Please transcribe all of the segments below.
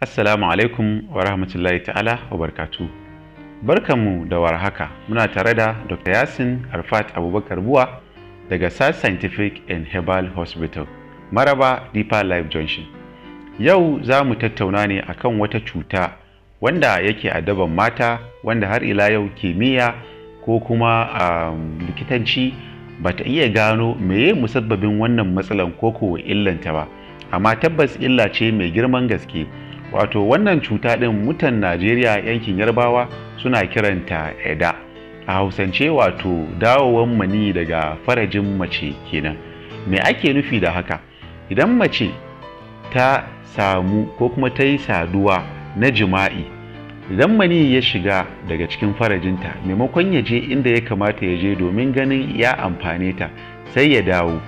Assalamu alaikum wa rahmatullahi ta'ala wa barkatu. Barkanmu da warhaka muna tare da Dr. Yasin Arfat Abubakar Buwa daga South Scientific and Herbal Hospital, Maraba Deeper Life Junction. Yau za mu tattauna ne a kan wata cuta wanda yake adaban mata wanda har ila yau kimiyya ko kuma um, likitanci ba ta iya gano meye musabbabin wannan matsalan koko illanta ba, amma tabbas illa ce mai girman gaske. wato wannan cuta ɗin mutan najeriya yankin yarbawa suna kiranta eda a hausance wato dawowan mani daga farajin mace kenan me ake nufi da haka idan mace ta samu ko kuma ta yi saduwa na jima'i idan mani ya shiga daga cikin farajinta maimakon ya je inda ya kamata ya je domin ganin ya amfane ta sai ya dawo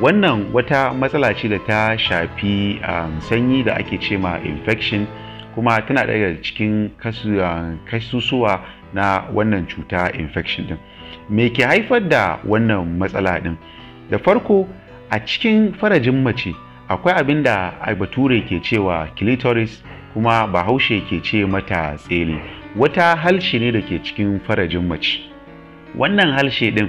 wannan wata matsala ce da ta shafi a um, sanyi da ake ce ma infection kuma tana daga cikin uh, kasusuwa na wannan cuta infection din me ke haifar da wannan matsala din da farko a cikin farajin mace akwai abin da bature ke cewa clitoris kuma bahaushe ke ce mata tsele wata halshe ne da ke cikin farajin mace wannan halshe din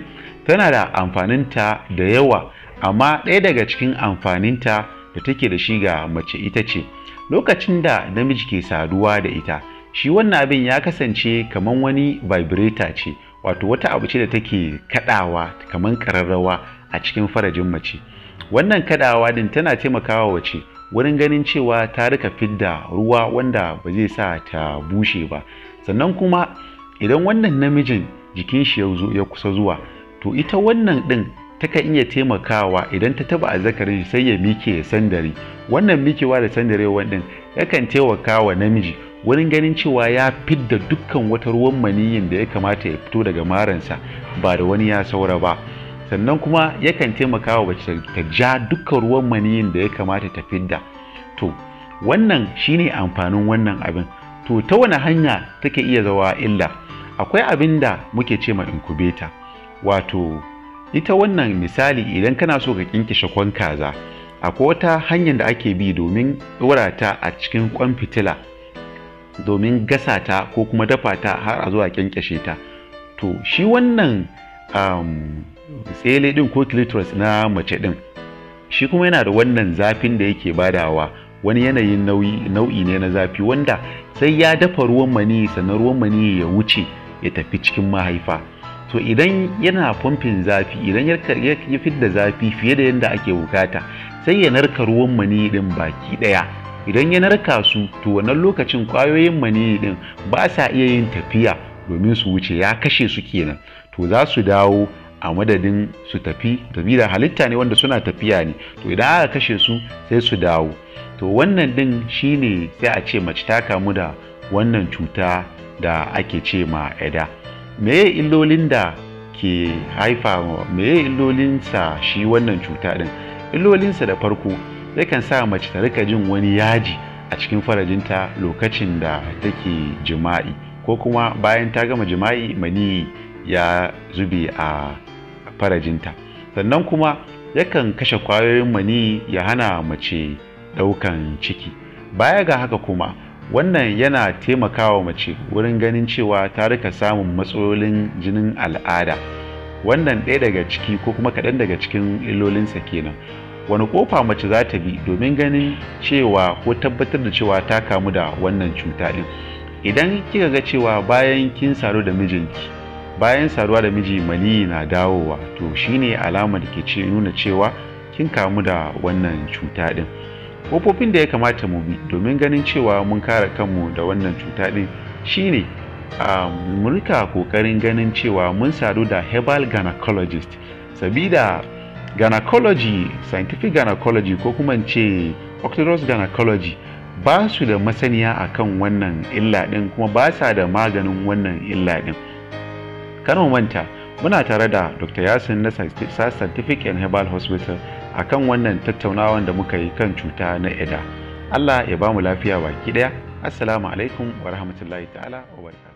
tana da amfaninta da yawa amma ɗaya daga cikin amfaninta da take da shi ga mace ita ce lokacin da namiji ke saduwa da ita shi wannan abin ya kasance kamar wani vibrator ce wato wata abu ce da take kadawa kamar kararrawa a cikin farajin mace wannan kadawa din tana taimakawa wace wurin ganin cewa ta rika fidda ruwa wanda ba zai sa ta bushe ba sannan kuma idan wannan namijin jikin shi ya kusa zuwa to ita wannan din takan iya taimakawa idan ta taba azzakarin shi sai ya mike ya sandare wannan mikewa da sandare wannan yakan taimaka wa namiji wurin ganin cewa ya fidda dukkan wata ruwan maniyin da ya kamata ya fito daga maransa ba da wani ya saura ba sannan kuma yakan taimaka wa ta ja dukkan ruwan maniyin da ya kamata ta fidda to wannan shine amfanin wannan abin to ta wani hanya take iya zawa illa akwai abin da muke ce ma inkubeta? wato ita wannan misali idan kana so ka kinkishe kwan kaza akwai wata hanyar da ake bi domin ɗora a cikin kwan fitila domin gasa ko kuma dafa ta har a zuwa kyankyashe ta to shi wannan um, tsele din ko clitoris na mace din shi kuma yana da wannan zafin da yake badawa wani yanayin nau'i ne na zafi wanda sai ya dafa ruwan mani sannan ruwan mani ya wuce ya tafi cikin mahaifa to idan yana fomfin zafi idan ya da zafi fiye da yadda ake bukata sai ya narka ruwan mani din baki daya idan ya narka su to wannan lokacin kwayoyin mani din ba sa iya yin tafiya domin su wuce ya kashe su kenan to za su dawo a madadin su tafi tafi da halitta ne wanda suna tafiya ne to idan aka kashe su sai su dawo to wannan din shine sai a ce mace ta kamu da wannan cuta da ake ce ma eda meye illolin da ke haifa meye illolinsa shi wannan cuta din illolinsa da farko yakan sa mace ta rika jin wani yaji a cikin farajinta lokacin da take jima'i ko kuma bayan ta gama jima'i mani ya zube a farajinta sannan kuma yakan kashe kwayoyin mani ya hana mace ɗaukan ciki baya ga haka kuma wannan yana taimakawa mace wurin ganin cewa ta rika samun matsalolin jinin al'ada wannan ɗaya daga ciki ko kuma kaɗan daga cikin illolinsa kenan wani kofa mace za ta bi domin ganin cewa ko tabbatar da cewa ta kamu da wannan cuta ɗin idan kika ga cewa bayan kin saru da mijinki bayan saduwa da miji maniyi na dawowa to shine alamar da ke nuna cewa kin kamu da wannan cuta ɗin kofofin da ya kamata mu bi domin ganin cewa mun kare kanmu da wannan cuta ɗin shine a rika kokarin ganin cewa mun sadu da herbal gynecologist sabida gynecology scientific gynecology ko kuma ce octodose gynecology ba su da masaniya a kan wannan illa ɗin kuma ba sa da maganin wannan illa ɗin kano manta muna tare da dr yasin na scientific and herbal hospital akan wannan tattaunawan da muka yi kan cuta na ida Allah ya ba mu lafiya baki ɗaya assalamu alaikum wa rahmatullahi ta'ala wa